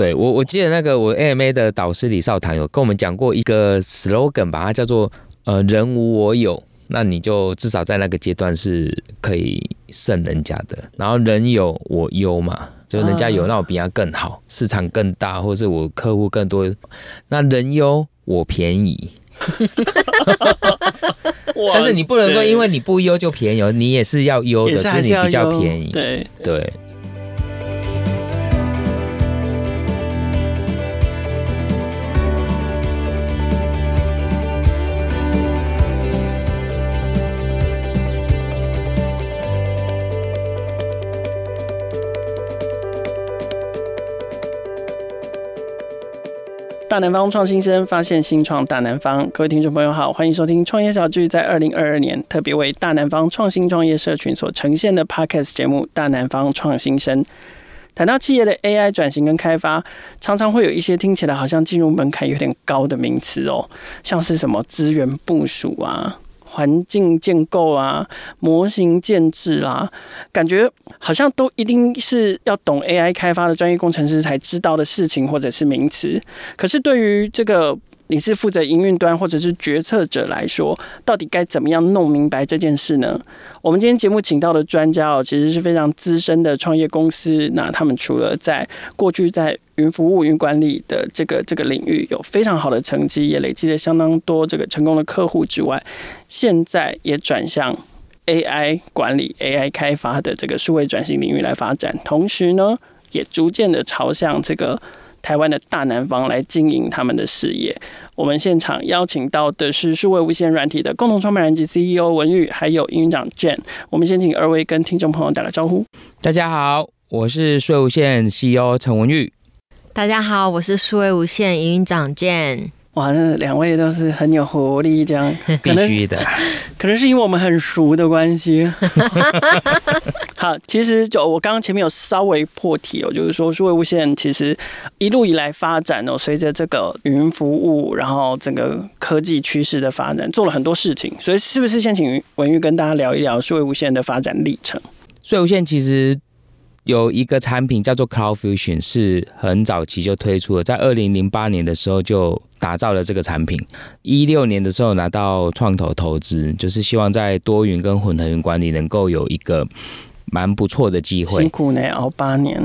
對，我，我記得那個我 A M A 的導師李少棠有跟我們講過一個 slogan 吧，它叫做呃人無我有，那你就至少在那個階段是可以勝人家的。然後人有我優嘛，就人家有，啊，那我比他更好，市場更大，或是我客戶更多。那人優我便宜， 但是你不能說因為你不優就便宜，你也是要優的，只是你比較便宜。對對。大南方創新聲，發現新創大南方。各位聽眾朋友好，歡迎收聽創業小聚，在二零二二年特別為大南方創新創業社群所呈現的 Podcast 節目《大南方創新聲》。談到企業的 AI 轉型跟開發，常常會有一些聽起來好像進入門檻有點高的名詞哦，像是什麼資源部署啊，環境建構啊，模型建置啦、啊，感覺好像都一定是要懂 AI 開發的專業工程師才知道的事情或者是名詞。可是對於這個你是負責營運端或者是決策者來說，到底該怎麼樣弄明白這件事呢？我們今天節目請到的專家哦，其實是非常資深的創業公司，那他們除了在過去在雲服務、雲管理的這個這個領域有非常好的成績，也累積了相當多這個成功的客戶之外，現在也轉向 AI 管理、AI 開發的這個數位轉型領域來發展，同時呢，也逐漸的朝向這個臺灣的大南方來經營他們的事業。我們現場邀請到的是數位無限軟體的共同創辦人及 CEO 文裕，還有營運長 Jen。我們先請二位跟聽眾朋友打個招呼。大家好，我是數位無限 CEO 陳文裕。大家好，我是數位無限營運長 Jen。哇，那兩位都是很有活力，這樣必須的可。可能是因為我們很熟的關係。 好，其實就我剛剛前面有稍微破題哦、喔，就是說數位無限其實一路以來發展哦、喔，隨着這個雲服務，然後整個科技趨勢的發展，做了很多事情。所以，是不是先請文裕跟大家聊一聊數位無限的發展歷程？數位無限其實。有一個產品叫做 Cloud Fusion，是很早期就推出了，在二零零八年的時候就打造了這個產品。一六年的時候拿到創投投資，就是希望在多雲跟混合雲管理能夠有一個蠻不錯的機會。辛苦呢，熬八年，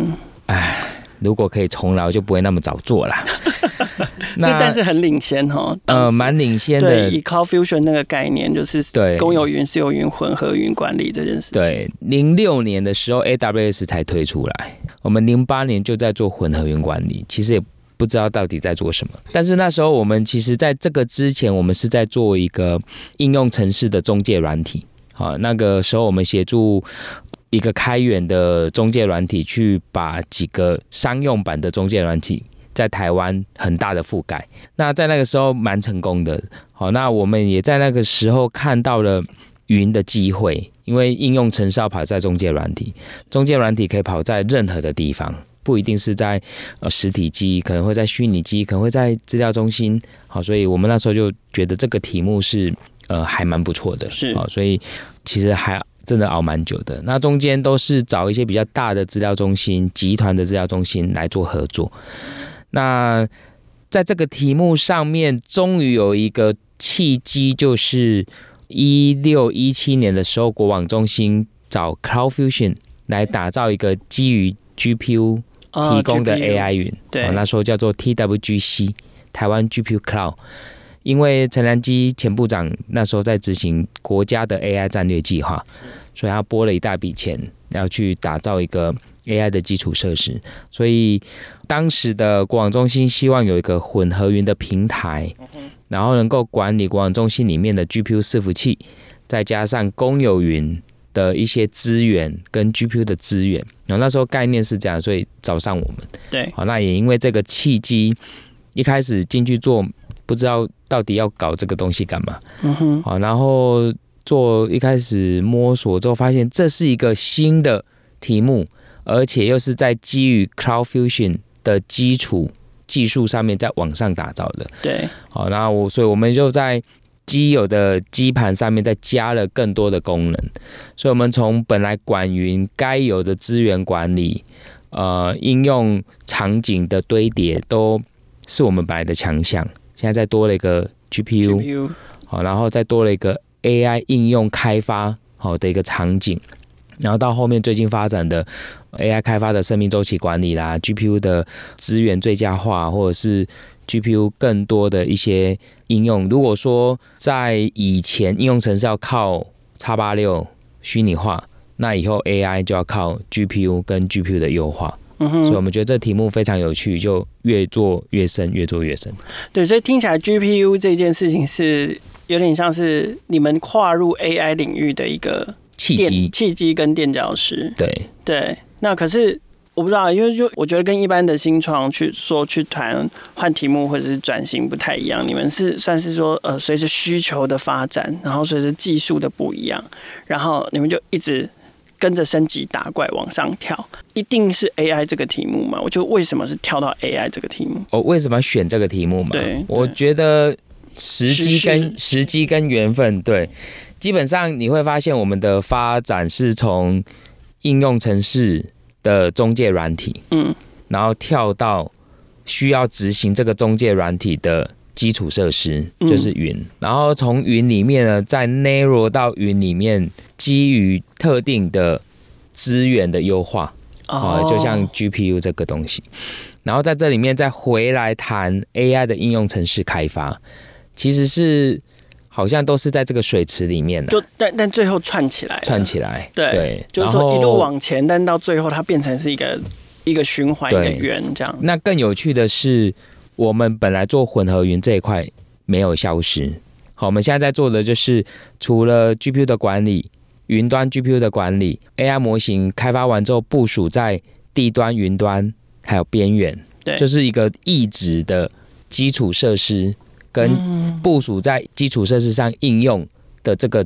哎。如果可以重來，我就不會那麼早做了。 那是但是很領先哦，呃，蠻領先的。以、Cloud Fusion 那個概念，就是對，公有雲、私有雲混合雲管理這件事情。對，零六年的時候，AWS 才推出來，我們零八年就在做混合雲管理，其實也不知道到底在做什麼。但是那時候，我們其實在這個之前，我們是在做一個應用程式的中介軟體好。那個時候我們協助。一個開源的中介軟體，去把幾個商用版的中介軟體在台灣很大的覆蓋。那在那個時候蠻成功的。好，那我們也在那個時候看到了雲的機會，因為應用程式要跑在中介軟體，中介軟體可以跑在任何的地方，不一定是在呃實體機，可能會在虛擬機，可能會在資料中心。好，所以我們那時候就覺得這個題目是呃還蠻不錯的，是。好，所以其實還。真的熬蠻久的，那中間都是找一些比較大的資料中心、集團的資料中心來做合作。那在這個題目上面，終於有一個契機，就是一六一七年的時候，國網中心找 Cloud Fusion 來打造一個基於 GPU 提供的 AI 雲，uh, GPL, 對、哦，那時候叫做 TWGC，台灣 GPU Cloud。因為陳良基前部長那時候在執行國家的 AI 戰略計劃，嗯、所以他撥了一大筆錢要去打造一個 AI 的基礎設施。所以當時的國網中心希望有一個混合雲的平台，嗯、然後能夠管理國網中心裡面的 GPU 伺服器，再加上公有雲的一些資源跟 GPU 的資源。然後那時候概念是這樣，所以找上我們。對，好，那也因為這個契機，一開始進去做。不知道到底要搞這個東西幹嘛？嗯哼。好，然後做一開始摸索之後，發現這是一個新的題目，而且又是在基於 Cloud Fusion 的基礎技術上面再往上打造的。對。好，那我所以，我們就在既有的基盤上面再加了更多的功能，所以我們從本來管雲該有的資源管理、呃、應用場景的堆疊，都是我們本來的強項。現在再多了一個 GPU，GPU 好，然後再多了一個 AI 應用開發好的一個場景，然後到後面最近發展的 AI 開發的生命週期管理啦，GPU 的資源最佳化，或者是 GPU 更多的一些應用。如果說在以前應用程式要靠 X 八六虛擬化，那以後 AI 就要靠 GPU 跟 GPU 的優化。嗯哼，所以我們覺得這題目非常有趣，就越做越深，越做越深。對，所以聽起來 GPU 這件事情是有點像是你們跨入 AI 領域的一個契機、契機跟墊腳石。對對，那可是我不知道，因為就我覺得跟一般的新創去說去談換題目或者是轉型不太一樣，你們是算是說呃，隨着需求的發展，然後隨着技術的不一樣，然後你們就一直。跟着升級打怪往上跳，一定是 AI 這個題目嘛？我就為什麼是跳到 AI 這個題目？哦，為什麼要選這個題目嘛？對，我覺得時機跟時機跟緣分對，基本上你會發現我們的發展是從應用程式的中介軟體，嗯，然後跳到需要執行這個中介軟體的。基礎設施就是雲，嗯，然後從雲裡面呢，在 narrow 到雲裡面基於特定的資源的優化啊，哦呃，就像 GPU 這個東西，然後在這裡面再回來談 AI 的應用程式開發，其實是好像都是在這個水池裡面的，就但但最後串起來，串起來，對，對，就是說一路往前，但到最後它變成是一個一個循環一個圓這樣。那更有趣的是。我們本來做混合雲這一塊沒有消失，好，我們現在在做的就是除了 GPU 的管理，雲端 GPU 的管理，AI 模型開發完之後部署在地端、雲端還有邊緣，對，就是一個異質的基礎設施跟部署在基礎設施上應用的這個。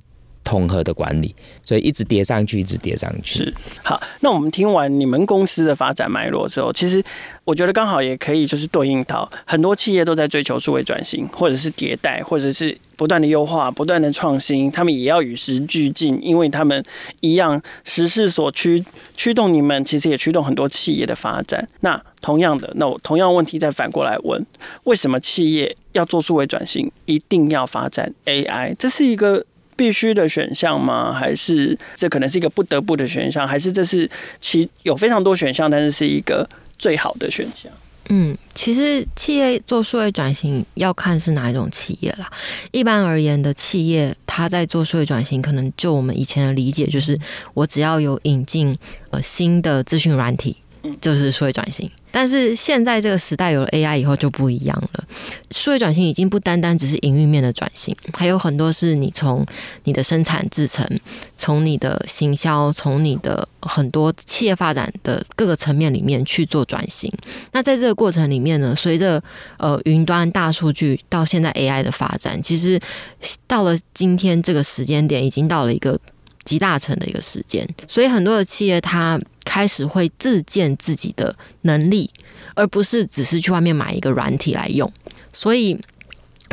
統合的管理，所以一直疊上去，一直疊上去。是，好，那我們聽完你們公司的發展脈絡之後，其實我覺得剛好也可以就是對應到很多企業都在追求數位轉型，或者是迭代，或者是不斷的優化、不斷的創新，他們也要與時俱進，因為他們一樣時勢所趨驅動你們，其實也驅動很多企業的發展。那同樣的，那我同樣問題再反過來問：為什麼企業要做數位轉型，一定要發展 AI？這是一個。必須的選項嗎？還是這可能是一個不得不的選項？還是這是其有非常多選項，但是是一個最好的選項？嗯，其實企業做數位轉型要看是哪一種企業啦。一般而言的企業，它在做數位轉型，可能就我們以前的理解，就是我只要有引進呃新的資訊軟體。就是數位轉型，但是現在這個時代有了 AI 以後就不一樣了。數位轉型已經不單單只是營運面的轉型，還有很多是你從你的生產製程、從你的行銷、從你的很多企業發展的各個層面裡面去做轉型。那在這個過程裡面呢，隨着呃雲端、大數據到現在 AI 的發展，其實到了今天這個時間點，已經到了一個集大成的一個時間，所以很多的企業它開始會自建自己的能力，而不是只是去外面買一個軟體來用。所以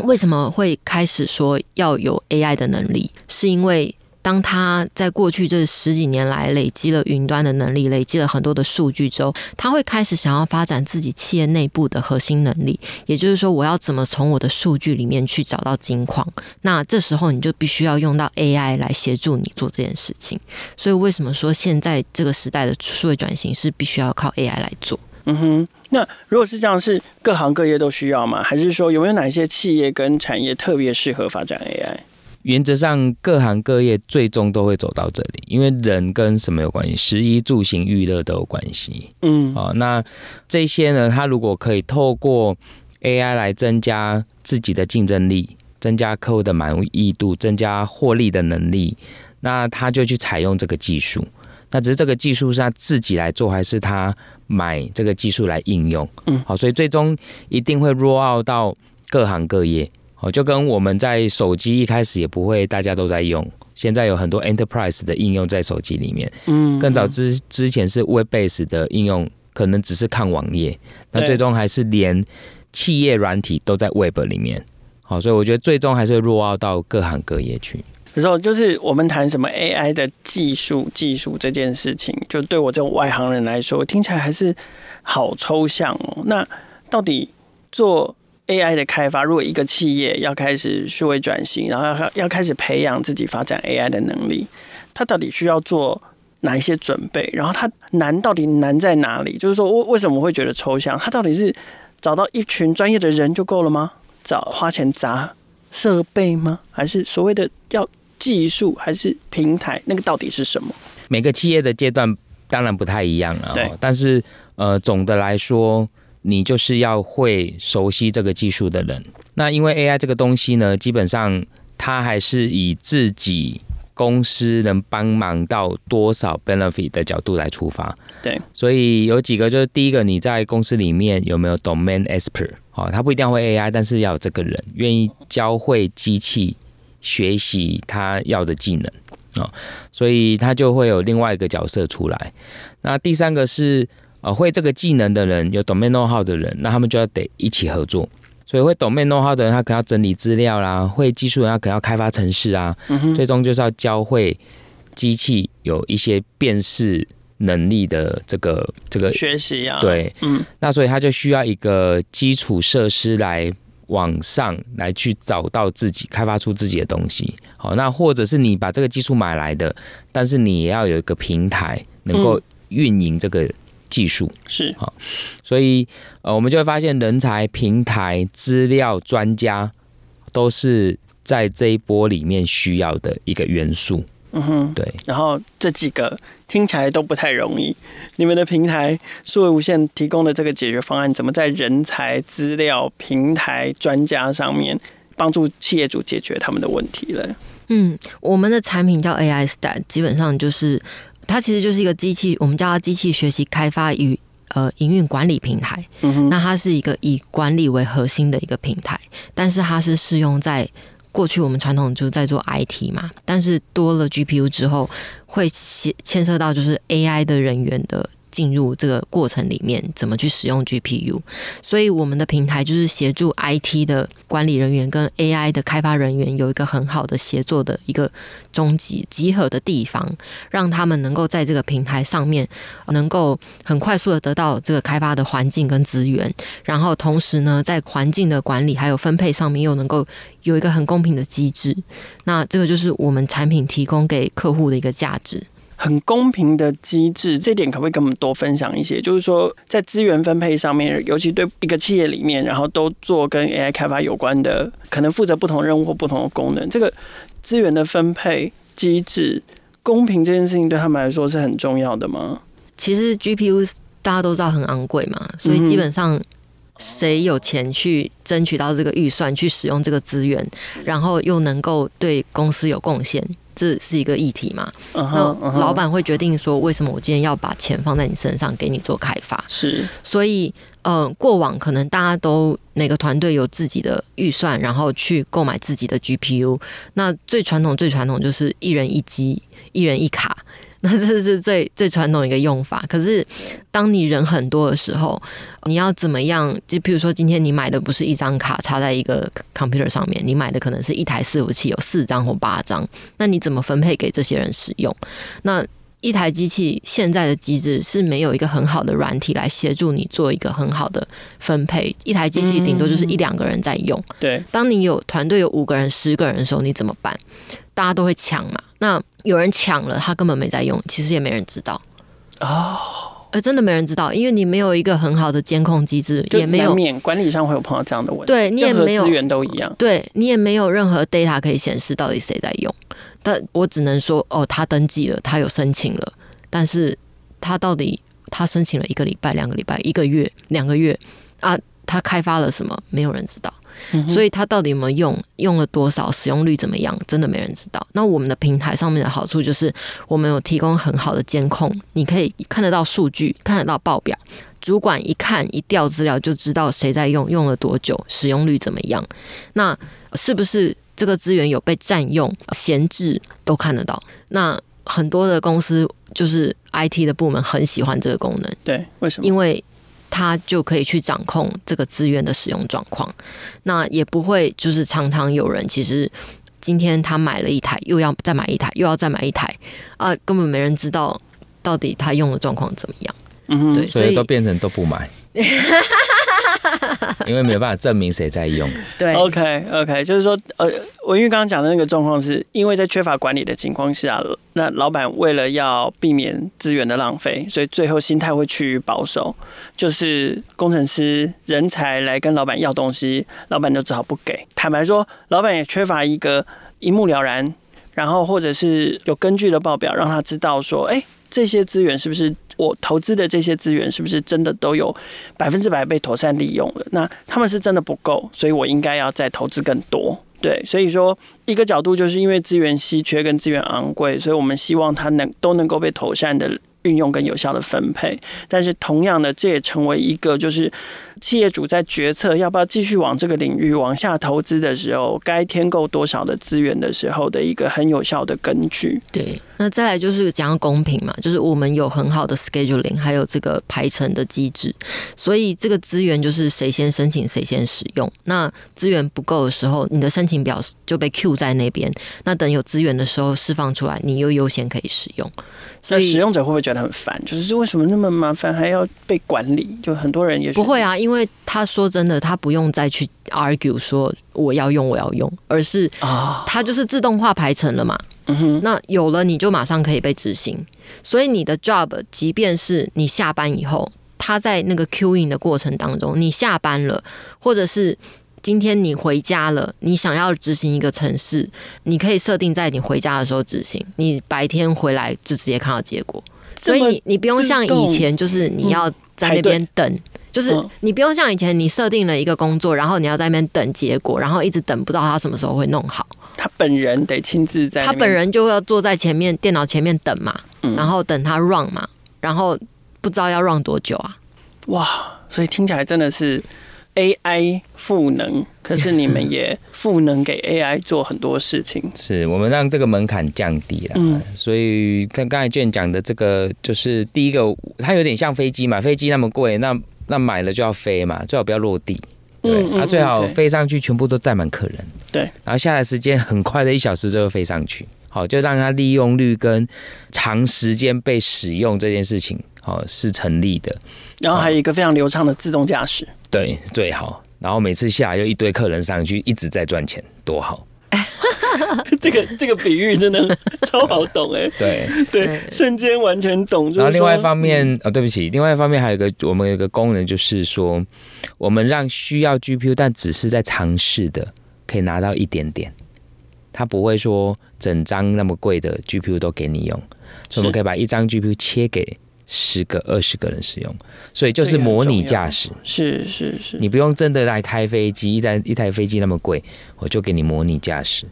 為什麼會開始說要有 AI 的能力？是因為。當他在過去這十幾年來累積了雲端的能力，累積了很多的數據之後，他會開始想要發展自己企業內部的核心能力。也就是說，我要怎麼從我的數據裡面去找到金礦？那這時候你就必須要用到 AI 來協助你做這件事情。所以，為什麼說現在這個時代的數位轉型是必須要靠 AI 來做？嗯哼，那如果是這樣，是各行各業都需要嗎？還是說有沒有哪些企業跟產業特別適合發展 AI？原則上，各行各業最終都會走到這裡，因為人跟什麼有關係？食衣住行、育樂都有關係。嗯，好、哦，那這些呢，他如果可以透過 AI 來增加自己的競爭力，增加客戶的滿意度，增加獲利的能力，那他就去採用這個技術。那只是這個技術是他自己來做，還是他買這個技術來應用？嗯，好，所以最終一定會 roll out 到各行各業。哦，就跟我們在手機一開始也不會，大家都在用。現在有很多 enterprise 的應用在手機裡面。嗯，更早之之前是 web Base 的應用，可能只是看網頁，那最終還是連企業軟體都在 web 裡面。好，所以我覺得最終還是會弱化到各行各業去。然後就是我們談什麼 AI 的技術，技術這件事情，就對我這種外行人來說，聽起來還是好抽象哦。那到底做？AI 的開發，如果一個企業要開始數位轉型，然後要要開始培養自己發展 AI 的能力，它到底需要做哪一些準備？然後它難到底難在哪裡？就是說，為為什麼我會覺得抽象？它到底是找到一群專業的人就夠了嗎？找花錢砸設備嗎？還是所謂的要技術，還是平台？那個到底是什麼？每個企業的階段當然不太一樣了哦，對，但是呃，總的來說。你就是要會熟悉這個技術的人。那因為 AI 這個東西呢，基本上它還是以自己公司能幫忙到多少 benefit 的角度來出發。對，所以有幾個，就是第一個，你在公司裡面有沒有 domain expert 哦？他不一定要會 AI，但是要這個人願意教會機器學習他要的技能哦，所以他就會有另外一個角色出來。那第三個是。呃，會這個技能的人，有 domain know-how 的人，那他們就要得一起合作。所以會 domain know-how 的人，他可能要整理資料啦，會技術人，他可能要開發程式啊、嗯。最終就是要教會機器有一些辨識能力的這個這個學習啊。對，嗯，那所以他就需要一個基礎設施來往上，來去找到自己，開發出自己的東西。好，那或者是你把這個技術買來的，但是你也要有一個平台能夠運營這個。嗯技術是好，所以呃，我們就會發現，人才、平台、資料、專家，都是在這一波裡面需要的一個元素。嗯哼，對。然後這幾個聽起來都不太容易。你們的平台數位無限提供的這個解決方案，怎麼在人才、資料、平台、專家上面幫助企業主解決他們的問題呢？嗯，我們的產品叫 AI Stack，基本上就是。它其實就是一個機器，我們叫它機器學習開發與呃營運管理平台，嗯。那它是一個以管理為核心的一個平台，但是它是適用在過去我們傳統就是在做 IT 嘛，但是多了 GPU 之後，會牽牽涉到就是 AI 的人員的。進入這個過程裡面，怎麼去使用 GPU？所以我們的平台就是協助 IT 的管理人員跟 AI 的開發人員有一個很好的協作的一個終極集合的地方，讓他們能夠在這個平台上面能夠很快速的得到這個開發的環境跟資源，然後同時呢，在環境的管理還有分配上面又能夠有一個很公平的機制。那這個就是我們產品提供給客戶的一個價值。很公平的機制，這點可不可以跟我們多分享一些？就是說，在資源分配上面，尤其對一個企業裡面，然後都做跟 AI 開發有關的，可能負責不同任務或不同的功能，這個資源的分配機制公平這件事情，對他們來說是很重要的嗎？其實 GPU 大家都知道很昂貴嘛，所以基本上誰有錢去爭取到這個預算去使用這個資源，然後又能夠對公司有貢獻。這是一個議題嘛？Uh -huh, 那老闆會決定說，為什麼我今天要把錢放在你身上，給你做開發？是，所以，嗯、呃，過往可能大家都哪個團隊有自己的預算，然後去購買自己的 GPU。那最傳統、最傳統就是一人一機、一人一卡。那這是最最傳統的一個用法，可是當你人很多的時候，你要怎麼樣？就譬如說，今天你買的不是一張卡插在一個 computer 上面，你買的可能是一台伺服器，有四張或八張，那你怎麼分配給這些人使用？那一台機器現在的機制是沒有一個很好的軟體來協助你做一個很好的分配，一台機器頂多就是一兩個人在用。嗯、對，當你有團隊有五個人、十個人的時候，你怎麼辦？大家都會搶嘛、啊。那有人搶了，他根本沒在用，其實也沒人知道，哦，呃，真的沒人知道，因為你沒有一個很好的監控機制，也沒有管理上會有碰到這樣的問題，對你也沒有資源都一樣，對你也沒有任何 data 可以顯示到底誰在用，但我只能說，哦，他登記了，他有申請了，但是他到底他申請了一個禮拜、兩個禮拜、一個月、兩個月啊，他開發了什麼，沒有人知道。所以他到底有沒有用？用了多少？使用率怎麼樣？真的沒人知道。那我們的平台上面的好處就是，我們有提供很好的監控，你可以看得到數據，看得到報表。主管一看一調資料，就知道誰在用，用了多久，使用率怎麼樣。那是不是這個資源有被占用、閒置都看得到？那很多的公司就是 IT 的部門很喜歡這個功能。對，為什麼？因為。他就可以去掌控這個資源的使用狀況，那也不會就是常常有人，其實今天他買了一台，又要再買一台，又要再買一台，啊、呃，根本沒人知道到底他用的狀況怎麼樣，嗯，對，所以，所以都變成都不買。 因為沒有辦法證明誰在用對。對，OK OK，就是說，呃，文裕剛剛講的那個狀況是，因為在缺乏管理的情況下，那老板為了要避免資源的浪費，所以最後心態會趨於保守，就是工程師人才來跟老板要東西，老板就只好不給。坦白說，老板也缺乏一個一目了然，然後或者是有根據的報表，讓他知道說，哎、欸，這些資源是不是？我投資的這些資源是不是真的都有百分之百被妥善利用了？那他們是真的不夠，所以我應該要再投資更多。對，所以說一個角度就是因為資源稀缺跟資源昂貴，所以我們希望它能，都能夠被妥善的。運用跟有效的分配，但是同樣的，這也成為一個就是企業主在決策要不要繼續往這個領域往下投資的時候，該添購多少的資源的時候的一個很有效的根據。對，那再來就是講公平嘛，就是我們有很好的 scheduling，還有這個排程的機制，所以這個資源就是誰先申請誰先使用。那資源不夠的時候，你的申請表就被 queue 在那邊，那等有資源的時候釋放出來，你又優先可以使用。那使用者會不會覺得很煩？就是為什麼那麼麻煩還要被管理？就很多人也不會啊，因為他說真的，他不用再去 argue 說我要用我要用，而是啊，他就是自動化排程了嘛、哦嗯。那有了你就馬上可以被執行，所以你的 job 即便是你下班以後，他在那個 queueing 的過程當中，你下班了，或者是。今天你回家了，你想要執行一個程式，你可以設定在你回家的時候執行。你白天回來就直接看到結果，所以你你不用像以前，就是你要在那邊等、嗯嗯，就是你不用像以前，你設定了一個工作，然後你要在那邊等結果，然後一直等，不知道他什麼時候會弄好。他本人得親自在，他本人就要坐在前面電腦前面等嘛、嗯，然後等他 run 嘛，然後不知道要 run 多久啊？哇，所以聽起來真的是。AI 賦能，可是你們也賦能給 AI 做很多事情。 是我們讓這個門檻降低了、嗯，所以看剛才 Jen 講的這個，就是第一個，它有點像飛機嘛，飛機那麼貴，那那買了就要飛嘛，最好不要落地。對，它、嗯嗯嗯啊、最好飛上去，全部都載滿客人。對，然後下來時間很快的，一小時就會飛上去。好，就讓它利用率跟長時間被使用這件事情。哦，是成立的。然後還有一個非常流暢的自動駕駛，哦、對，最好。然後每次下來又一堆客人上去，一直在賺錢，多好！哎、這個這個比喻真的超好懂哎、欸。 對對，瞬間完全懂。然後另外一方面、嗯，哦，對不起，另外一方面還有一個，我們有一個功能就是說，我們讓需要 GPU 但只是在嘗試的，可以拿到一點點。他不會說整張那麼貴的 GPU 都給你用，所以我們可以把一張 GPU 切給。十個、二十個人使用，所以就是模擬駕駛，這個、是是是，你不用真的來開飛機，一台一台飛機那麼貴，我就給你模擬駕駛。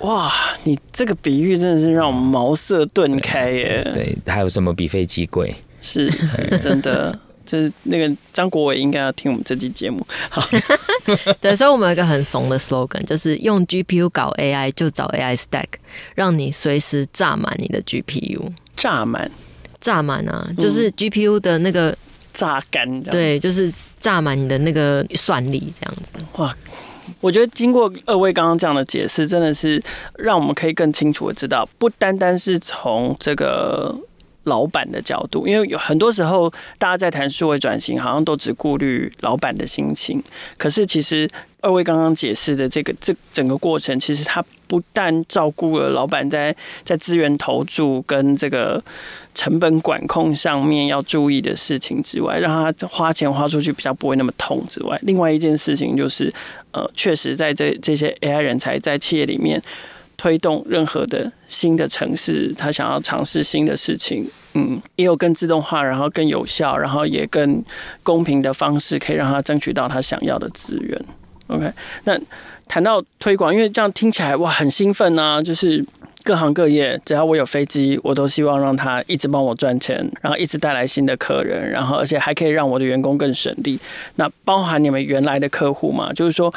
哇，你這個比喻真的是讓我茅塞頓開耶對對！對，還有什麼比飛機貴？是，是真的， 就是那個張國偉應該要聽我們這期節目。好， 對，所以我們有一個很慫的 slogan，就是用 GPU 搞 AI 就找 AI Stack，讓你隨時炸滿你的 GPU，炸滿。榨滿啊，就是 G P U 的那個榨乾，嗯，對，就是榨滿你的那個算力這樣子。哇，我覺得經過二位剛剛這樣的解釋，真的是讓我們可以更清楚的知道，不單單是從這個。老闆的角度，因為有很多時候大家在談數位轉型，好像都只顧慮老闆的心情。可是其實二位剛剛解釋的這個這整個過程，其實他不但照顧了老闆在在資源投注跟這個成本管控上面要注意的事情之外，讓他花錢花出去比較不會那麼痛之外，另外一件事情就是，呃，確實在這這些 AI 人才在企業裡面。推動任何的新的城市，他想要嘗試新的事情，嗯，也有更自動化，然後更有效，然後也更公平的方式，可以讓他爭取到他想要的資源。OK，那談到推廣，因為這樣聽起來哇，很興奮啊，就是各行各業，只要我有飛機，我都希望讓他一直幫我賺錢，然後一直帶來新的客人，然後而且還可以讓我的員工更省力。那包含你們原來的客戶嘛，就是說。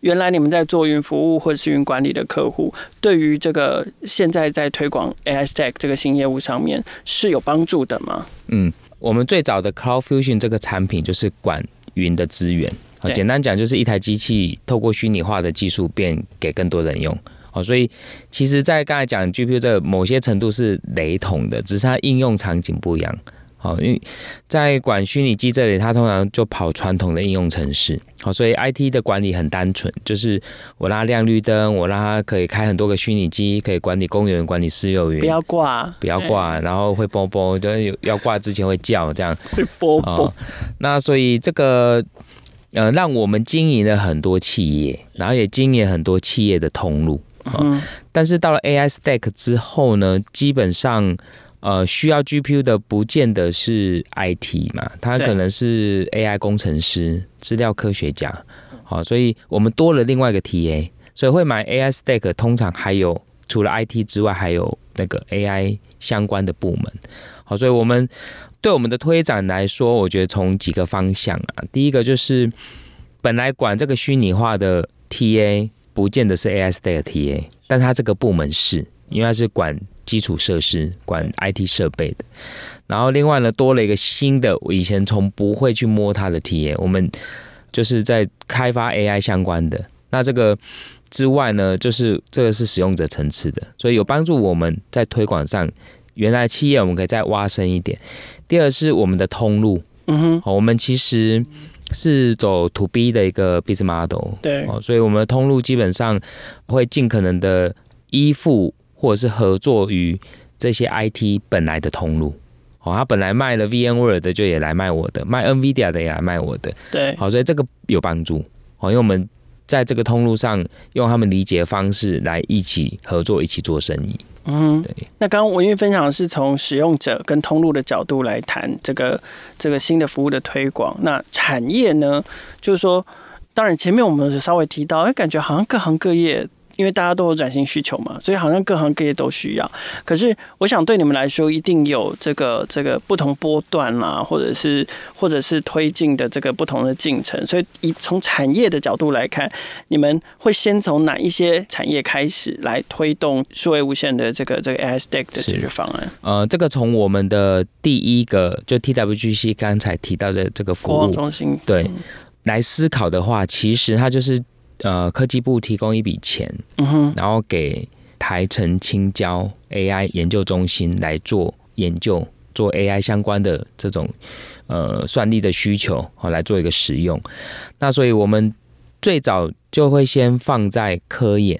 原來你們在做雲服務、或是雲管理的客戶，對於這個現在在推廣 AI Stack 這個新業務上面是有幫助的嗎？嗯，我們最早的 Cloud Fusion 這個產品就是管雲的資源。哦，簡單講，就是一台機器透過虛擬化的技術變給更多人用。哦，所以其實在剛才講的 GPU 這某些程度是雷同的，只是它應用場景不一樣。好、哦，因為在管虛擬機這裡，它通常就跑傳統的應用程式。好、哦，所以 IT 的管理很單純，就是我讓它亮綠燈，我讓它可以開很多個虛擬機，可以管理公有雲、管理私有雲。不要掛，不要掛，然後會撥撥，就是要掛之前會叫這樣會撥撥。那所以這個呃，讓我們經營了很多企業，然後也經營很多企業的通路。哦、嗯，但是到了 AI Stack 之後呢，基本上。呃，需要 GPU 的不見得是 IT 嘛，他可能是 AI 工程師、啊、資料科學家，好，所以我們多了另外一個 TA，所以會買 AI Stack，通常還有除了 IT 之外，還有那個 AI 相關的部門，好，所以我們對我們的推展來說，我覺得從幾個方向啊，第一個就是本來管這個虛擬化的 TA，不見得是 AI Stack TA，但他這個部門是，因為他是管。基礎設施管 IT 設備的，然後另外呢多了一個新的，我以前從不會去摸它的體驗，我們就是在開發 AI 相關的。那這個之外呢，就是這個是使用者層次的，所以有幫助我們在推廣上，原來企業我們可以再挖深一點。第二是我們的通路，嗯哼，哦，我們其實是走 To B 的一個 Business Model，對。哦，所以我們的通路基本上會盡可能的依附。或者是合作於這些 IT 本來的通路，哦，他本來賣了 VMware 的，就也來賣我的；賣 NVIDIA 的也來賣我的。對，好，哦，所以這個有幫助，哦，因為我們在這個通路上用他們理解的方式來一起合作，一起做生意。嗯，對。那剛剛文裕分享的是從使用者跟通路的角度來談這個這個新的服務的推廣。那產業呢，就是說，當然前面我們稍微提到，欸，感覺好像各行各業。因為大家都有轉型需求嘛，所以好像各行各業都需要。可是我想對你們來說，一定有這個這個不同波段啦、啊，或者是或者是推進的這個不同的進程。所以以從產業的角度來看，你們會先從哪一些產業開始來推動數位無限的這個這個 AI Stack 的解決方案？呃，這個從我們的第一個就 TWGC 剛才提到的這個服務中心對，來思考的話，其實它就是。呃，科技部提供一筆錢、嗯，然後給台成清交 AI 研究中心來做研究，做 AI 相關的這種呃算力的需求，好、哦、來做一個使用。那所以我們最早就會先放在科研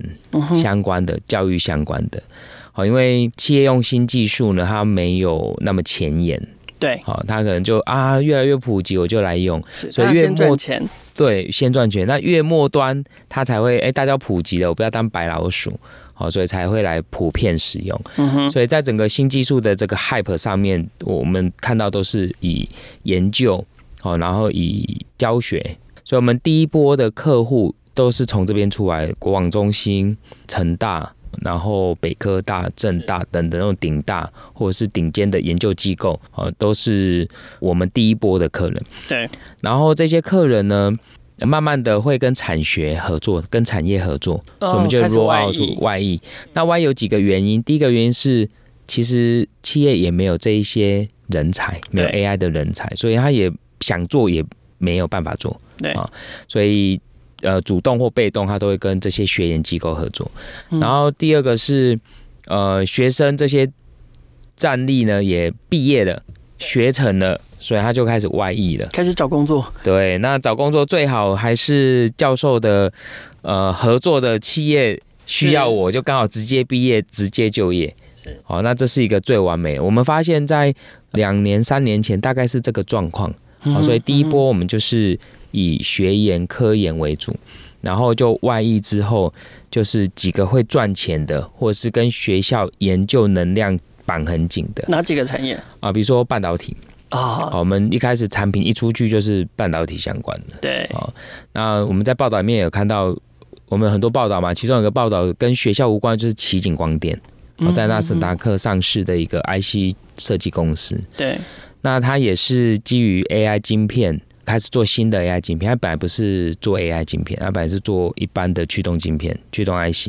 相關的、嗯、教育相關的，好、哦，因為企業用新技術呢，它沒有那麼前沿，對，好、哦，它可能就啊越來越普及，我就來用，所以先賺錢。對，先賺錢，那月末端它才會哎、欸，大家普及了，我不要當白老鼠，好、哦，所以才會來普遍使用。嗯、所以在整個新技術的這個 hype 上面，我們看到都是以研究，好、哦，然後以教學，所以我們第一波的客戶都是從這邊出來，國網中心、成大。然後北科大、政大等等那種頂大或者是頂尖的研究機構，呃、啊，都是我們第一波的客人。對。然後這些客人呢，慢慢的會跟產學合作，跟產業合作，哦、所以我們就弱奧出外溢,外,溢外溢。那外溢有幾個原因、嗯，第一個原因是，其實企業也沒有這一些人才，沒有 AI 的人才，所以他也想做也沒有辦法做。啊對啊，所以。呃，主動或被動，他都會跟這些學研機構合作。嗯、然後第二個是，呃，學生這些戰力呢也畢業了、學成了，所以他就開始外溢了，開始找工作。對，那找工作最好還是教授的，呃，合作的企業需要，我就剛好直接畢業，直接就業。是，哦，那這是一個最完美的。我們發現，在兩年、三年前大概是這個狀況，哦、所以第一波我們就是、嗯。嗯嗯以學研科研為主，然後就外溢之後，就是幾個會賺錢的，或者是跟學校研究能量綁很緊的哪幾個產業啊？比如說半導體、oh. 啊。我們一開始產品一出去就是半導體相關的。對啊。那我們在報道裡面有看到，我們很多報道嘛，其中有個報道跟學校無關，就是奇景光電，啊、在納斯達克上市的一個 IC 設計公司。對，那它也是基於 AI 晶片。開始做新的 AI 晶片，它本來不是做 AI 晶片，它本來是做一般的驅動晶片、驅動 IC。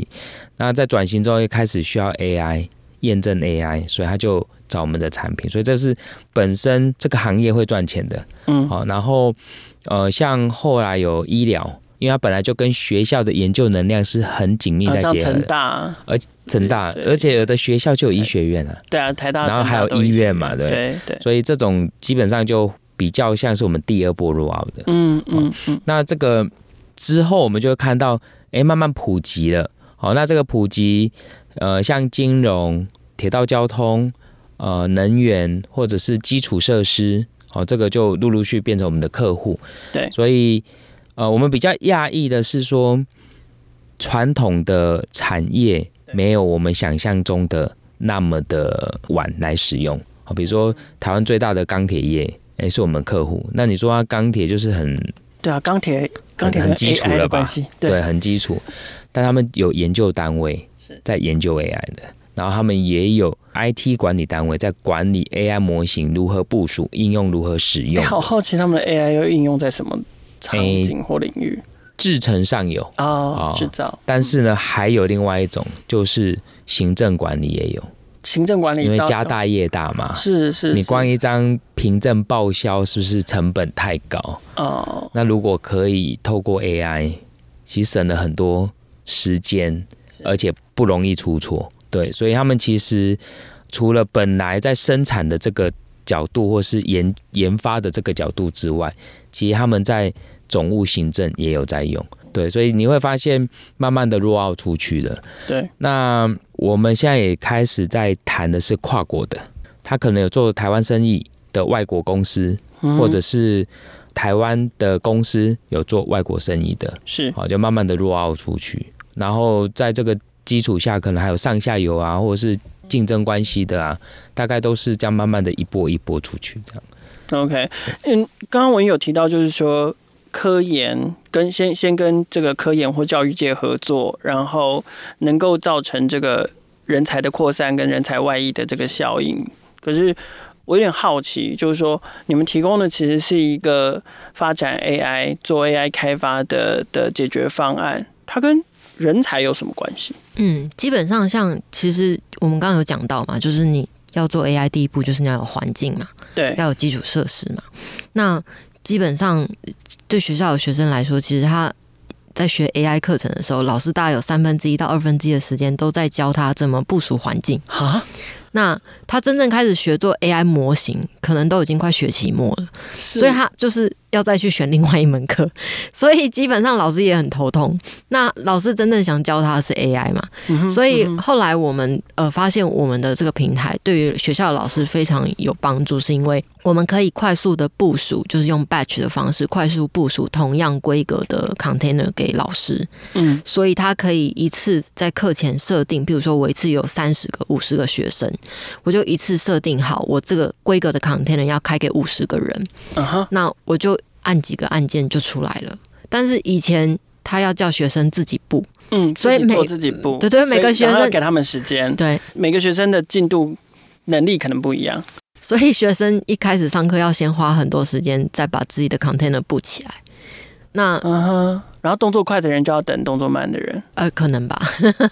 那在轉型之後，一開始需要 AI 驗證 AI，所以他就找我們的產品。所以這是本身這個行業會賺錢的，嗯。好、哦，然後呃，像後來有醫療，因為它本來就跟學校的研究能量是很緊密在結合的，啊、像成大，而且成大，對對對對，而且有的學校就有醫學院啊，對，對啊，台大，台大，然後還有醫院嘛，對對，對，對對。所以這種基本上就。比較像是我們第二波入奧的，嗯嗯，嗯、哦、那這個之後，我們就會看到，哎、欸，慢慢普及了。好、哦，那這個普及，呃，像金融、鐵道交通、呃，能源或者是基礎設施，好、哦，這個就陸陸續變成我們的客戶。對，所以，呃，我們比較訝異的是說，傳統的產業沒有我們想象中的那麼的晚來使用。好、哦，比如說台灣最大的鋼鐵業。哎，是我們客戶。那你說，啊，鋼鐵就是很，對啊，鋼鐵鋼鐵很，很基礎的關係，對，對，很基礎。但他們有研究單位在研究 AI 的，然後他們也有 IT 管理單位在管理 AI 模型如何部署、應用如何使用。我好好奇，他們的 AI 又應用在什麼場景或領域？製程上有哦，哦，製造。但是呢，還有另外一種，就是行政管理也有。行政管理因為家大業大嘛，是是，是，你光一張憑證報銷是不是成本太高？哦，那如果可以透過 AI，其實省了很多時間，而且不容易出錯。對，所以他們其實除了本來在生產的這個角度，或是研研發的這個角度之外，其實他們在總務行政也有在用。對，所以你會發現，慢慢的 roll out 出去了。對，那。我們現在也開始在談的是跨國的，他可能有做台灣生意的外國公司，嗯、或者是台灣的公司有做外國生意的，是好，就慢慢的入澳出去，然後在這個基礎下，可能還有上下游啊，或者是競爭關係的啊，大概都是這樣慢慢的一波一波出去這樣。OK，嗯，剛剛我有提到就是說。科研跟先先跟這個科研或教育界合作，然後能夠造成這個人才的擴散跟人才外溢的這個效應。可是我有點好奇，就是說你們提供的其實是一個發展 AI 做 AI 開發的的解決方案，它跟人才有什麼關係？嗯，基本上像其實我們剛剛有講到嘛，就是你要做 AI 第一步，就是你要有環境嘛，對，要有基礎設施嘛，那。基本上，對學校的學生來說，其實他在學 AI 課程的時候，老師大概有三分之一到二分之一的時間都在教他怎麼部署環境。啊，那他真正開始學做 AI 模型，可能都已經快學期末了。所以，他就是。要再去選另外一門課，所以基本上老師也很頭痛。那老師真正想教他的是 AI 嘛？嗯、所以後來我們呃發現，我們的這個平台對於學校老師非常有幫助，是因為我們可以快速的部署，就是用 batch 的方式快速部署同樣規格的 container 給老師。嗯，所以他可以一次在課前設定，比如說我一次有三十個、五十個學生，我就一次設定好我這個規格的 container 要開給五十個人。嗯哼，那我就。按幾個按鍵就出來了，但是以前他要叫學生自己布，嗯，所以每自己，自己布，對對，每個學生給他們時間，對，每個學生的進度能力可能不一樣，所以學生一開始上課要先花很多時間，再把自己的 container 布起來。那、uh-huh, 然後動作快的人就要等動作慢的人，呃，可能吧。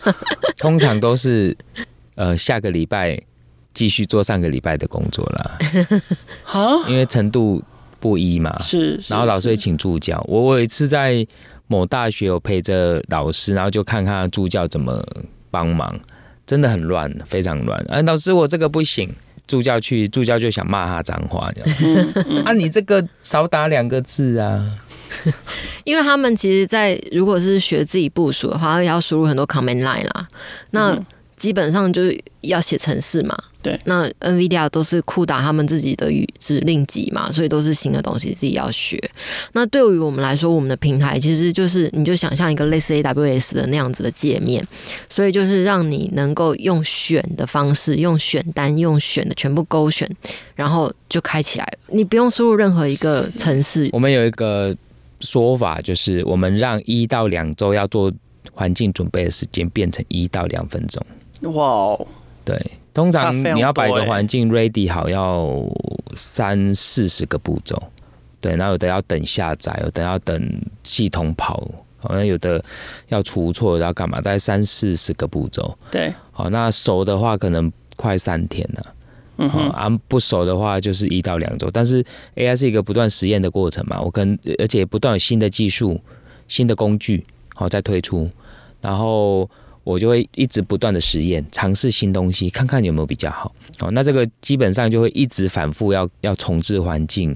通常都是呃下個禮拜繼續做上個禮拜的工作啦。好， 因為程度。不一嘛，是，是。然後老師會請助教，我我有一次在某大學有陪着老師，然後就看看他助教怎麼幫忙，真的很亂，非常亂。啊、哎，老師我這個不行，助教去，助教就想罵他髒話， 啊，你這個少打兩個字啊。因為他們其實在，在如果是學自己部署的話，要輸入很多 command line 啦。那、嗯基本上就是要寫程式嘛，對，那 NVIDIA 都是酷打他們自己的語指令集嘛，所以都是新的東西自己要學。那對於我們來說，我們的平台其實就是你就想象一個類似 AWS 的那樣子的界面，所以就是讓你能夠用選的方式，用選單用選的全部勾選，然後就開起來了。你不用輸入任何一個程式。我們有一個說法就是，我們讓一到兩週要做環境準備的時間變成一到兩分鐘。哇哦，對，通常你要擺個環境 ready 好，要三四十個步驟，對，然後有的要等下載，有的要等系統跑，好像有的要出錯，有的要幹嘛？大概三四十個步驟，對，好，那熟的話可能快三天了，啊，嗯啊，不熟的話就是一到兩周，但是 AI 是一個不斷實驗的過程嘛，我跟而且不斷有新的技術、新的工具，好，再推出，然後。我就會一直不斷的實驗，嘗試新東西，看看有沒有比較好。哦，那這個基本上就會一直反覆要要重置環境，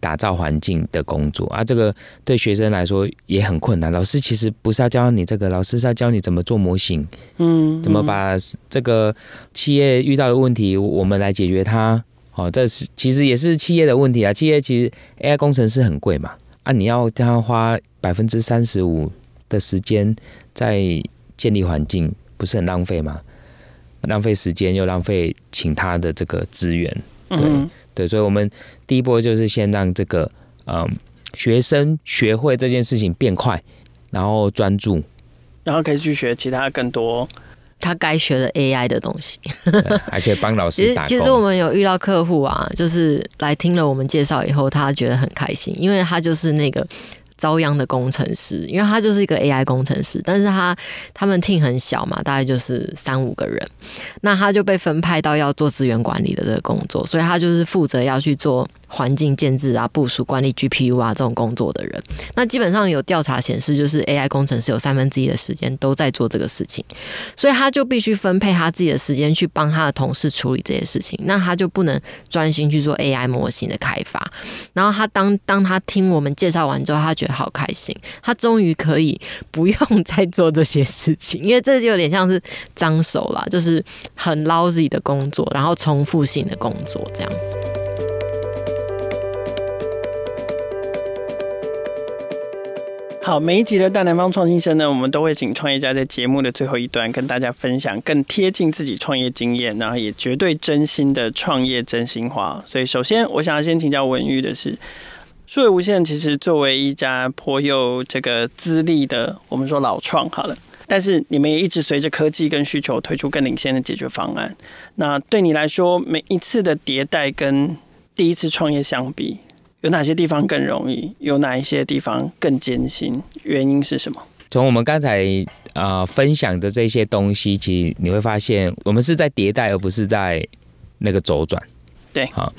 打造環境的工作啊。這個對學生來說也很困難。老師其實不是要教你這個，老師是要教你怎麼做模型，嗯，嗯，怎麼把這個企業遇到的問題，我們來解決它。哦，這是其實也是企業的問題啊。企業其實 AI 工程師很貴嘛，啊，你要他花百分之三十五的時間在。建立環境不是很浪費嗎？浪費時間又浪費其他的這個資源，嗯、對對，所以我們第一波就是先讓這個嗯學生學會這件事情變快，然後專注，然後可以去學其他更多他該學的 AI 的東西， 還可以幫老師打工 其。其實我們有遇到客戶啊，就是來聽了我們介紹以後，他覺得很開心，因為他就是那個。遭殃的工程師，因為他就是一個 AI 工程師，但是他他們 team 很小嘛，大概就是三五個人，那他就被分派到要做資源管理的這個工作，所以他就是負責要去做。環境建置啊，部署、管理 GPU 啊，這種工作的人，那基本上有調查顯示，就是 AI 工程師有三分之一的時間都在做這個事情，所以他就必須分配他自己的時間去幫他的同事處理這些事情，那他就不能專心去做 AI 模型的開發。然後他當當他聽我們介紹完之後，他覺得好開心，他終於可以不用再做這些事情，因為這就有點像是髒手啦，就是很 lousy 的工作，然後重複性的工作這樣子。好，每一集的《大南方創新聲》呢，我們都會請創業家在節目的最後一段跟大家分享更貼近自己創業經驗，然後也絕對真心的創業真心話。所以，首先我想要先請教文裕的是，數位無限其實作為一家頗有這個資歷的，我們說老創好了，但是你們也一直隨着科技跟需求推出更領先的解決方案。那對你來說，每一次的迭代跟第一次創業相比？有哪些地方更容易？有哪一些地方更艱辛？原因是什麼？從我們剛才啊、呃、分享的這些東西，其實你會發現，我們是在迭代，而不是在那個周轉。對，好、哦，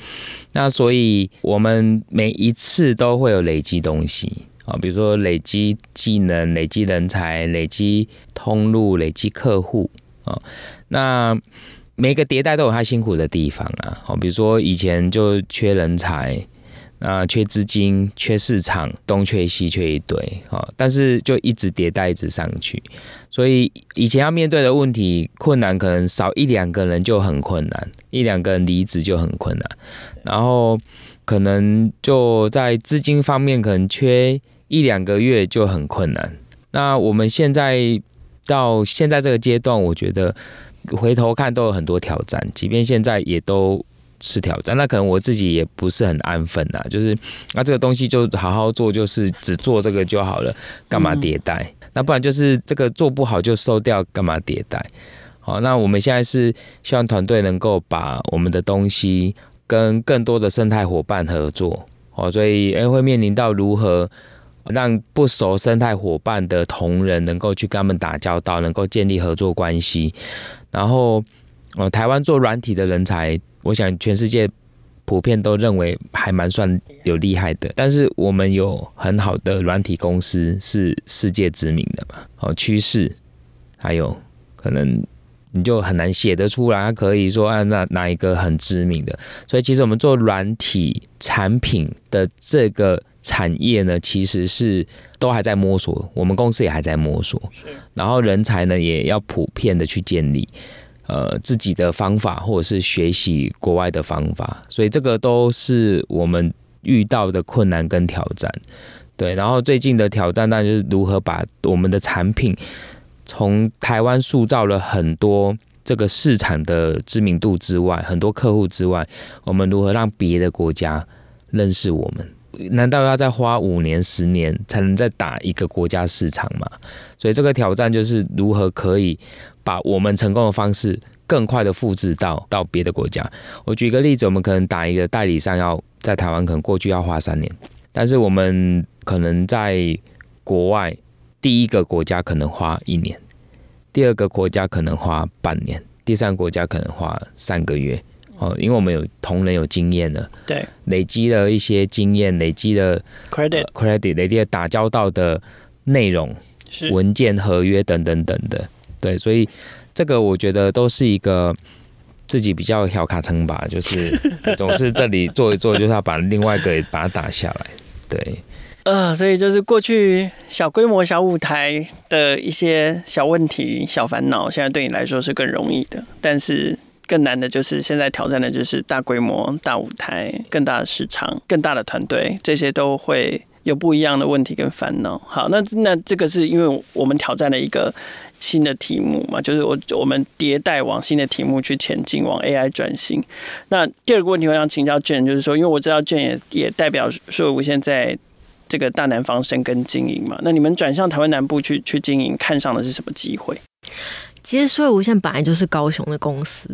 那所以我們每一次都會有累積東西啊、哦，比如說累積技能、累積人才、累積通路、累積客戶啊、哦。那每個迭代都有它辛苦的地方啊，好、哦，比如說以前就缺人才。啊、呃，缺資金，缺市場，東缺西缺一堆，哈、哦，但是就一直迭代，一直上去，所以以前要面對的問題困難，可能少一兩個人就很困難，一兩個人離職就很困難，然後可能就在資金方面，可能缺一兩個月就很困難。那我們現在到現在這個階段，我覺得回頭看都有很多挑戰，即便現在也都。是挑戰，那可能我自己也不是很安分啊。就是那這個東西就好好做，就是只做這個就好了，幹嘛迭代？嗯。那不然就是這個做不好就收掉，幹嘛迭代？好，那我們現在是希望團隊能夠把我們的東西跟更多的生態夥伴合作，哦，所以，欸，會面臨到如何讓不熟生態夥伴的同仁能夠去跟他們打交道，能夠建立合作關係，然後呃台灣做軟體的人才。我想全世界普遍都認為還蠻算有厲害的，但是我們有很好的軟體公司是世界知名的嘛，哦，趨勢，還有可能你就很難寫得出來、啊，可以說啊那，哪一個很知名的，所以其實我們做軟體產品的這個產業呢，其實是都還在摸索，我們公司也還在摸索，然後人才呢也要普遍的去建立，呃，自己的方法，或者是學習國外的方法，所以這個都是我們遇到的困難跟挑戰。對，然後最近的挑戰，那就是如何把我們的產品從台灣塑造了很多這個市場的知名度之外，很多客戶之外，我們如何讓別的國家認識我們？難道要再花五年、十年才能再打一個國家市場嗎？所以這個挑戰就是如何可以。把我們成功的方式更快的複制到到別的國家。我舉個例子，我們可能打一個代理商，要在台灣可能過去要花三年，但是我們可能在國外第一個國家可能花一年，第二個國家可能花半年，第三個國家可能花三個月哦，因為我們有同仁有經驗了，對，累積了一些經驗，累積了 credit、呃、credit 累積了打交道的內容，文件、合約等等等等的。對，所以這個我覺得都是一個自己比較小卡層吧，就是總是這裡做一做，就是要把另外一個也把它打下來。對，呃，所以就是過去小規模小舞台的一些小問題、小煩惱，現在對你來說是更容易的，但是更難的就是現在挑戰的就是大規模大舞台、更大的市場、更大的團隊，這些都會。有不一樣的問題跟煩惱。好，那那這個是因為我們挑戰了一個新的題目嘛，就是我我們迭代，往新的題目去前進，往 AI 轉型。那第二個問題我想請教 Jen，就是說，因為我知道 Jen 也也代表說我現在這個大南方生根經營嘛，那你們轉向台灣南部去去經營，看上的是什麼機會？其實數位無限本來就是高雄的公司，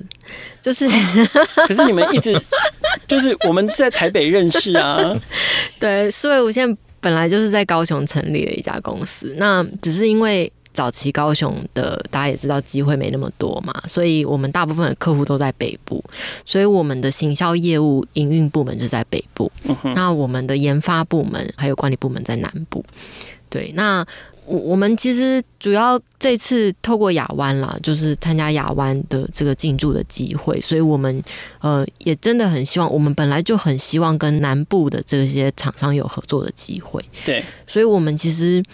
就是可是你們一直 就是我們是在台北認識啊 對，數位無限本來就是在高雄成立了一家公司，那只是因為早期高雄的大家也知道機會沒那麼多嘛，所以我們大部分的客戶都在北部，所以我們的行銷業務營運部門就在北部，嗯，那我們的研發部門還有管理部門在南部。對，那。我我們其實主要這次透過亞灣啦,就是參加亞灣的這個進駐的機會，所以我們呃也真的很希望，我們本來就很希望跟南部的這些廠商有合作的機會，對，所以我們其實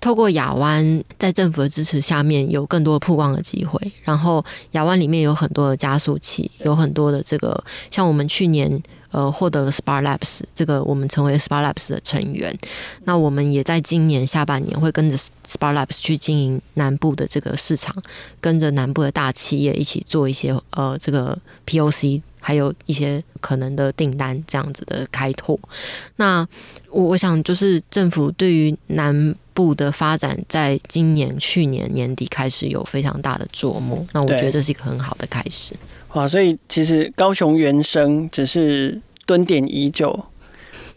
透過亞灣，在政府的支持下面，有更多的曝光的機會，然後亞灣裡面有很多的加速器，有很多的這個像我們去年。呃，獲得了 Spar Labs 這個，我們成為 Spar Labs 的成員。那我們也在今年下半年會跟着 Spar Labs 去經營南部的這個市場，跟着南部的大企業一起做一些呃這個 POC，還有一些可能的訂單這樣子的開拓。那我我想就是政府對於南部的發展，在今年去年年底開始有非常大的琢磨。那我覺得這是一個很好的開始。哇！所以其實高雄原生只是蹲點已久，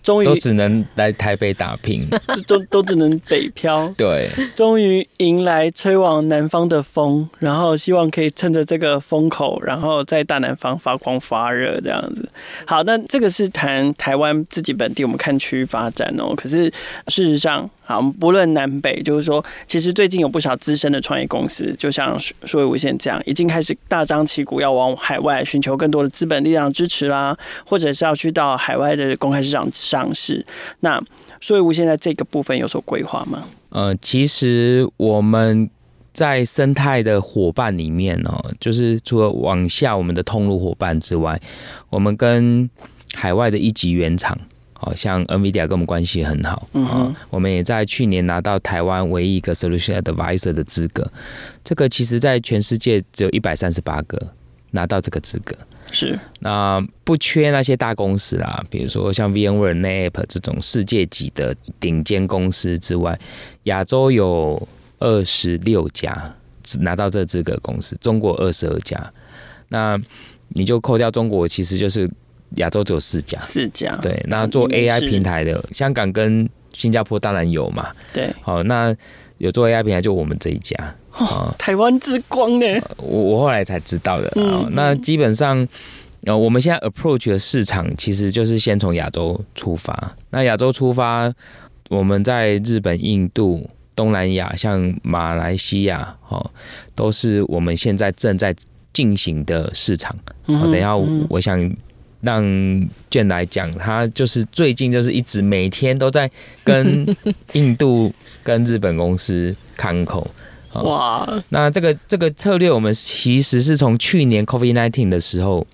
終於都只能來台北打拼 都都只能北漂。 對，終於迎來吹往南方的風，然後希望可以趁着這個風口，然後在大南方發光發熱這樣子。好，那這個是談台灣自己本地，我們看區域發展哦、喔。可是事實上。好，不論南北，就是說，其實最近有不少資深的創業公司，就像數位無限這樣，已經開始大張旗鼓要往海外尋求更多的資本力量支持啦，或者是要去到海外的公開市場上市。那數位無限在這個部分有所規劃嗎？呃，其實我們在生態的夥伴裡面呢、哦，就是除了往下我們的通路夥伴之外，我們跟海外的一級原廠。好像 NVIDIA 跟我們關係很好。嗯、啊，我們也在去年拿到台灣唯一一個 Solution Advisor 的資格。這個其實在全世界只有一百三十八個拿到這個資格，是那不缺那些大公司啦，比如說像 VMware、NAP 這種世界級的頂尖公司之外，亞洲有二十六家只拿到這資格的公司，中國二十二家，那你就扣掉中國，其實就是。亞洲只有四家，四家對。那做 AI 平台的，香港跟新加坡當然有嘛。對，好、哦，那有做 AI 平台就我們這一家、哦、台灣之光呢？我、哦、我後來才知道的嗯嗯。那基本上，呃、哦，我們現在 approach 的市場其實就是先從亞洲出發。那亞洲出發，我們在日本、印度、東南亞，像馬來西亞，哦，都是我們現在正在進行的市場。哦、等一下我嗯嗯，我想。讓 Jen 來講，他就是最近就是一直每天都在跟印度、跟日本公司看口。哇、 嗯，那這個這個策略，我們其實是從去年 COVID 19的時候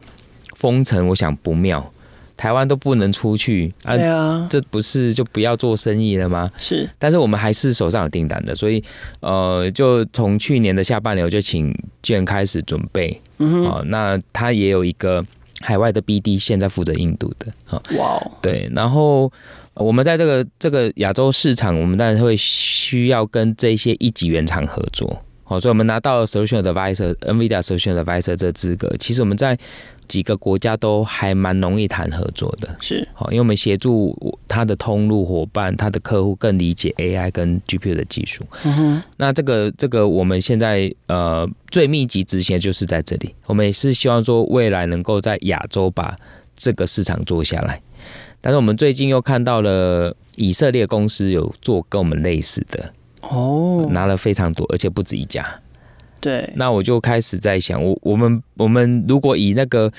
封城，我想不妙，台灣都不能出去啊，啊，這不是就不要做生意了嗎？是，但是我們還是手上有訂單的，所以呃，就從去年的下半年，我就請 Jen 開始準備。嗯，好、嗯嗯，那他也有一個海外的 BD 現在負責印度的啊，wow. 對，然後我們在這個這個亞洲市場，我們當然會需要跟這些一級原廠合作。好，所以我們拿到 Solution Advisor，NVIDIA Solution Advisor 這資格，其實我們在幾個國家都還蠻容易談合作的。是，好，因為我們協助他的通路夥伴，他的客戶更理解 AI 跟 GPU 的技術。嗯哼。那這個這個我們現在呃最密集執行就是在這裡，我們也是希望說未來能夠在亞洲把這個市場做下來。但是我們最近又看到了以色列公司有做跟我們類似的。哦、oh，拿了非常多，而且不止一家。對，那我就開始在想，我我們我們如果以那個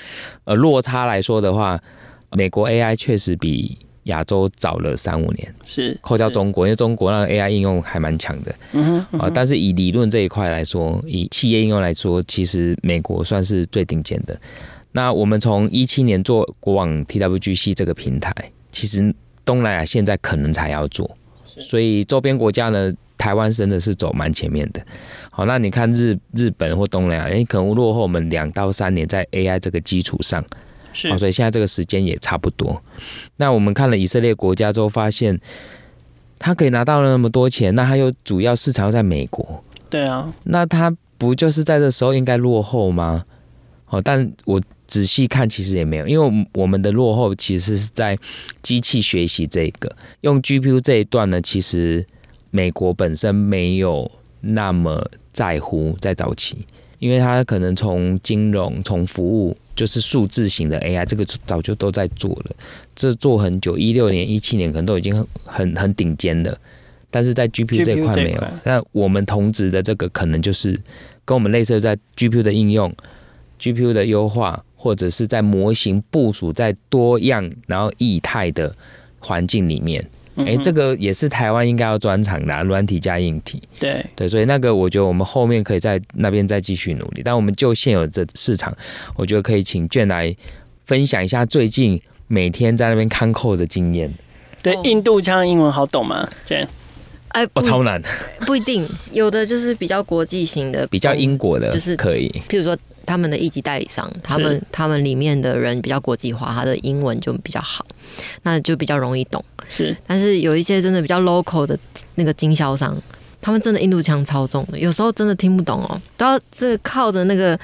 呃落差來說的話，美國 AI 確實比亞洲早了三五年。是，扣掉中國，因為中國那 AI 應用還蠻強的。嗯，啊、嗯呃，但是以理論這一塊來說，以企業應用來說，其實美國算是最頂尖的。那我們從一七年做國網 T W G C 這個平台，其實東南亞現在可能才要做，所以周邊國家呢。台灣真的是走蠻前面的，好，那你看日日本、或東南亞，哎、欸，可能落後我們兩到三年，在 AI 這個基礎上，是、哦，所以現在這個時間也差不多。那我們看了以色列國家之後，發現他可以拿到了那麼多錢，那他又主要市場在美國，對啊，那他不就是在這時候應該落後嗎？哦，但我仔細看其實也沒有，因為我們的落後其實是在機器學習這個用 GPU 這一段呢，其實。美國本身沒有那麼在乎，在早期，因為它可能從金融、從服務，就是數字型的 AI，這個早就都在做了，這做很久，一六年、一七年可能都已經很很很頂尖了。但是在 GPU 這塊沒有。那我們同質的這個可能就是跟我們類似，在 GPU 的應用、哦、GPU 的優化，或者是在模型部署在多樣然後異態的環境裡面。欸、這個也是台灣應該要專場的啊、軟體加硬體。對對，所以那個我覺得我們後面可以在那邊再繼續努力。但我們就現有的市場，我覺得可以請 Jen 來分享一下最近每天在那邊看扣的經驗。對，印度腔英文好懂嗎？Jen，哦？哎、欸，我超難。不一定，有的就是比較國際型的， 比較英國的， 就是可以。譬如說，他們的一級代理商，他們他們裡面的人比較國際化，他的英文就比較好，那就比較容易懂。是，但是有一些真的比較 local 的那個經銷商，他們真的印度腔超重的，有時候真的聽不懂哦，都要這靠着那個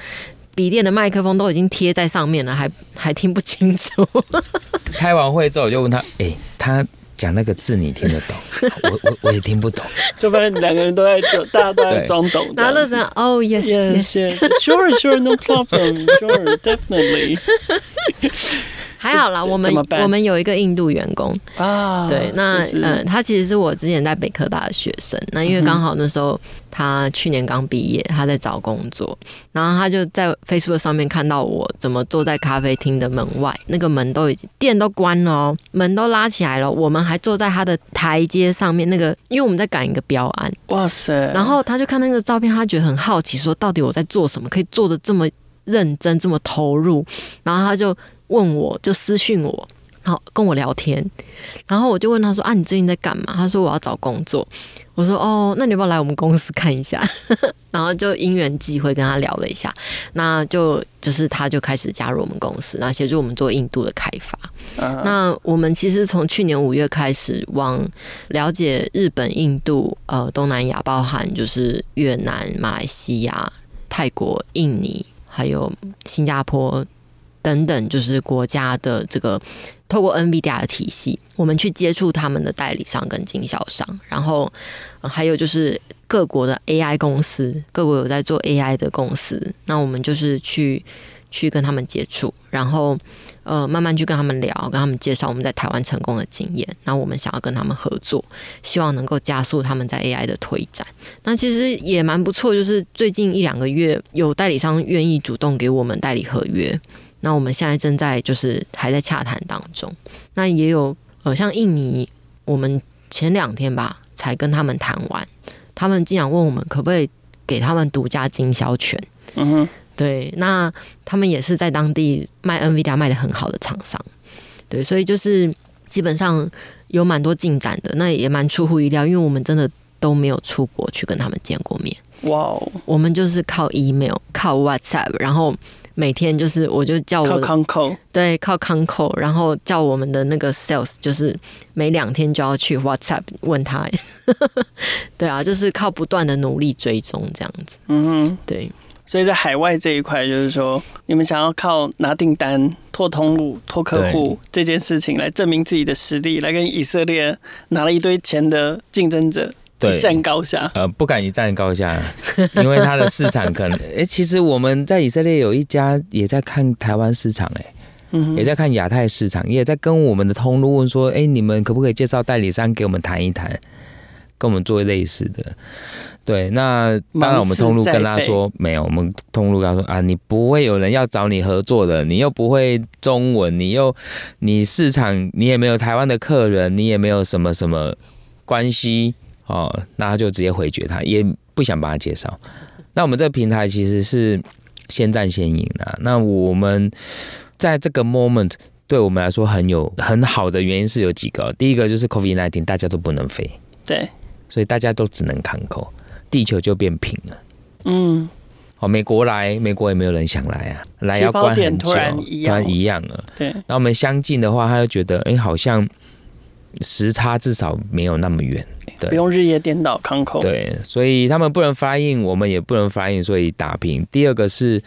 筆電的麥克風都已經貼在上面了，還還聽不清楚。開完會之後我就問他，哎、欸，他講那個字你聽得懂？ 我我我也聽不懂，就發現兩個人都在就大家都在裝懂。然後他說哦 yes, yes, yes, sure, sure, no problem, sure, definitely。 還好啦，我們我們有一個印度員工啊，對，那嗯、呃，他其實是我之前在北科大的學生，那因為剛好那時候、嗯、他去年剛畢業，他在找工作，然後他就在 Facebook 上面看到我怎麼坐在咖啡廳的門外，那個門都已經店都關了、哦，門都拉起來了，我們還坐在他的台階上面，那個因為我們在趕一個標案，哇塞，然後他就看那個照片，他覺得很好奇，說到底我在做什麼，可以做得這麼認真這麼投入，然後他就。問我就私訊我，然後跟我聊天，然後我就問他說啊，你最近在幹嘛？他說我要找工作。我說哦，那你要不要來我們公司看一下？ 然後就因緣際會跟他聊了一下，那就就是他就開始加入我們公司，然後協助我們做印度的開發。Uh -huh. 那我們其實從去年五月開始往了解日本、印度、呃東南亞，包含就是越南、馬來西亞、泰國、印尼，還有新加坡。等等，就是國家的這個，透過 NVIDIA 的體系，我們去接觸他們的代理商跟經銷商，然後，呃，還有就是各國的 AI 公司，各國有在做 AI 的公司，那我們就是去去跟他們接觸，然後呃慢慢去跟他們聊，跟他們介紹我們在台灣成功的經驗，那我們想要跟他們合作，希望能夠加速他們在 AI 的推展。那其實也蠻不錯，就是最近一兩個月有代理商願意主動給我們代理合約。那我們現在正在就是還在洽談當中。那也有呃，像印尼，我們前兩天吧才跟他們談完，他們竟然問我們可不可以給他們獨家經銷權。嗯哼，對，那他們也是在當地賣 NVIDIA 賣得很好的廠商。對，所以就是基本上有蠻多進展的，那也蠻出乎意料，因為我們真的都沒有出國去跟他們見過面。哇哦，我們就是靠 email，靠 WhatsApp，然後。每天就是，我就叫我靠 cold call，對，靠 cold call，然後叫我們的那個 sales，就是每兩天就要去 WhatsApp 問他，呵呵，對啊，就是靠不斷的努力追蹤這樣子。嗯哼，對，所以在海外這一塊，就是說你們想要靠拿訂單、拓通路、拓客戶這件事情來證明自己的實力，來跟以色列拿了一堆錢的競爭者。對，一較高下，呃，不敢一較高下，因為他的市場可能，哎、 欸，其實我們在以色列有一家也在看台灣市場、欸，哎、嗯，也在看亞太市場，也在跟我們的通路問說，哎、欸，你們可不可以介紹代理商給我們談一談，跟我們做類似的？對，那當然我們通路跟他說沒有，我們通路跟他說啊，你不會有人要找你合作的，你又不會中文，你又你市場你也沒有台灣的客人，你也沒有什麼什麼關係。哦，那他就直接回絕他，也不想幫他介紹。那我們這個平台其實是先戰先贏的啊。那我們在這個 moment 對我們來說很有很好的原因是有幾個。第一個就是 COVID-19，大家都不能飛，對，所以大家都只能看口，地球就變平了。嗯，哦，美國來，美國也沒有人想來啊，來要關很久，點突然一樣了。對，那我們相近的話，他就覺得，哎，好像。時差至少沒有那麼遠，對，不用日夜顛倒。康口，對，所以他們不能 Flying，我們也不能 Flying。所以打平。第二個是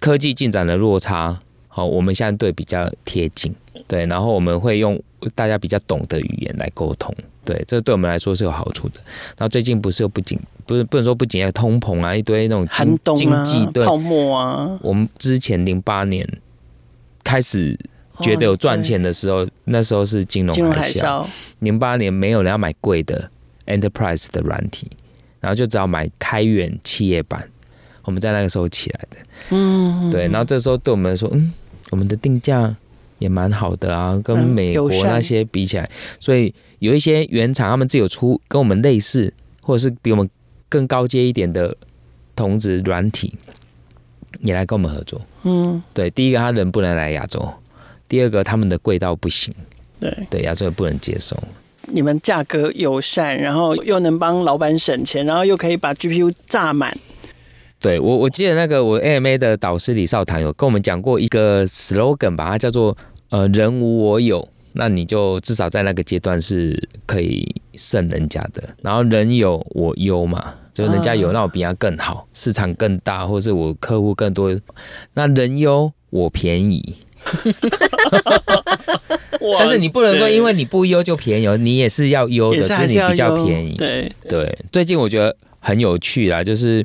科技進展的落差，好、哦，我們相對比較貼近，對，然後我們會用大家比較懂的語言來溝通，對，這對我們來說是有好處的。那最近不是有不僅不是不能說不僅要通膨啊，一堆那種經濟寒冬、啊、泡沫啊，我們之前零八年開始。覺得有賺錢的時候，哦，那時候是金融海嘯，零八年沒有人要買貴的 enterprise 的軟體，然後就只要買開源企業版，我們在那個時候起來的，嗯,嗯,嗯，對，然後這時候對我們來說，嗯，我們的定價也蠻好的啊，跟美國那些比起來，嗯，所以有一些原廠他們自有出跟我們類似，或者是比我們更高階一點的同質軟體，也來跟我們合作，嗯，對，第一個他人不能來亞洲。第二個，他們的貴到不行，對對，呀、啊、所以不能接受。你們價格友善，然後又能幫老闆省錢，然後又可以把 GPU 榨滿。對我，我記得那個我 AMA 的導師李少棠有跟我們講過一個 slogan 吧，它叫做“呃人無我有”，那你就至少在那個階段是可以勝人家的。然後“人有我優”嘛，就人家有，啊、那我比人家更好，市場更大，或是我客戶更多。那人優我便宜。 但是你不能說，因為你不優就便宜，你也是要優的是要，是你比較便宜。對對,對，最近我覺得很有趣啦，就是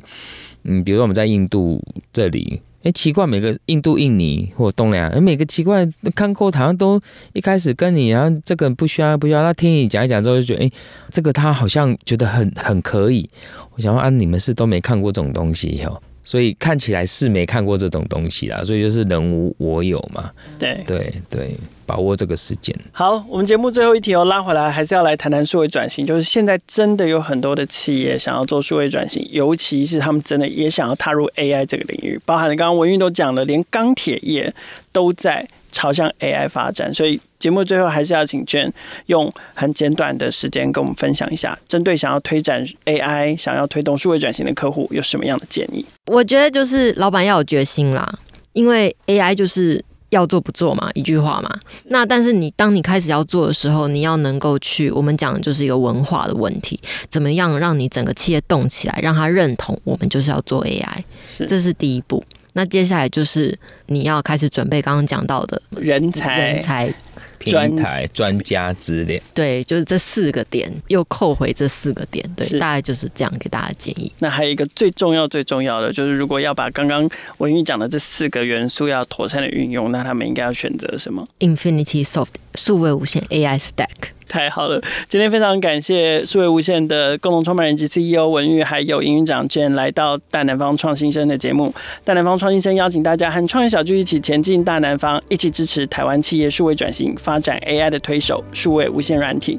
嗯，比如說我們在印度這裡，哎、欸，奇怪，每個印度、印尼或東南亞、欸，每個奇怪的看過好像都一開始跟你，然、啊、後這個不需要不需要，他聽你講一講之後就覺得，哎、欸，這個他好像覺得很很可以。我想問、啊，你們是都沒看過這種東西喲、喔？所以看起來是沒看過這種東西啦，所以就是人無我有嘛。對對對，把握這個時間。好，我們節目最後一題哦，拉回來還是要來談談數位轉型。就是現在真的有很多的企業想要做數位轉型，尤其是他們真的也想要踏入 AI 這個領域。包含了剛剛文裕都講了，連鋼鐵業都在朝向 AI 發展，所以。節目最後還是要請 Jen 用很簡短的時間跟我們分享一下，針對想要推展 AI、想要推動數位轉型的客戶，有什麼樣的建議？我覺得就是老闆要有決心啦，因為 AI 就是要做不做嘛，一句話嘛。那但是你當你開始要做的時候，你要能夠去我們講的就是一個文化的問題，怎麼樣讓你整個企業動起來，讓他認同我們就是要做 AI，是，這是第一步。那接下來就是你要開始準備剛剛講到的人才，人才。平台專家之點，對，就是這四個點，又扣回這四個點，對，大概就是這樣給大家建議。那還有一個最重要最重要的就是，如果要把剛剛文裕講的這四個元素要妥善的運用，那他們應該要選擇什麼？Infinity Soft。數位無限 AI Stack 太好了！今天非常感謝數位無限的共同創辦人及 CEO 文裕，還有營運長 Jen，來到大南方創新聲的節目。大南方創新聲邀請大家和創業小聚一起前進大南方，一起支持台灣企業數位轉型發展 AI 的推手——數位無限軟體。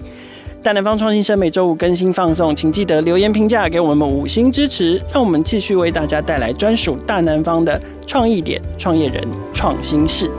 大南方創新聲每週五更新放送，請記得留言評價給我們五星支持，讓我們繼續為大家帶來專屬大南方的創意點、創業人、創新事。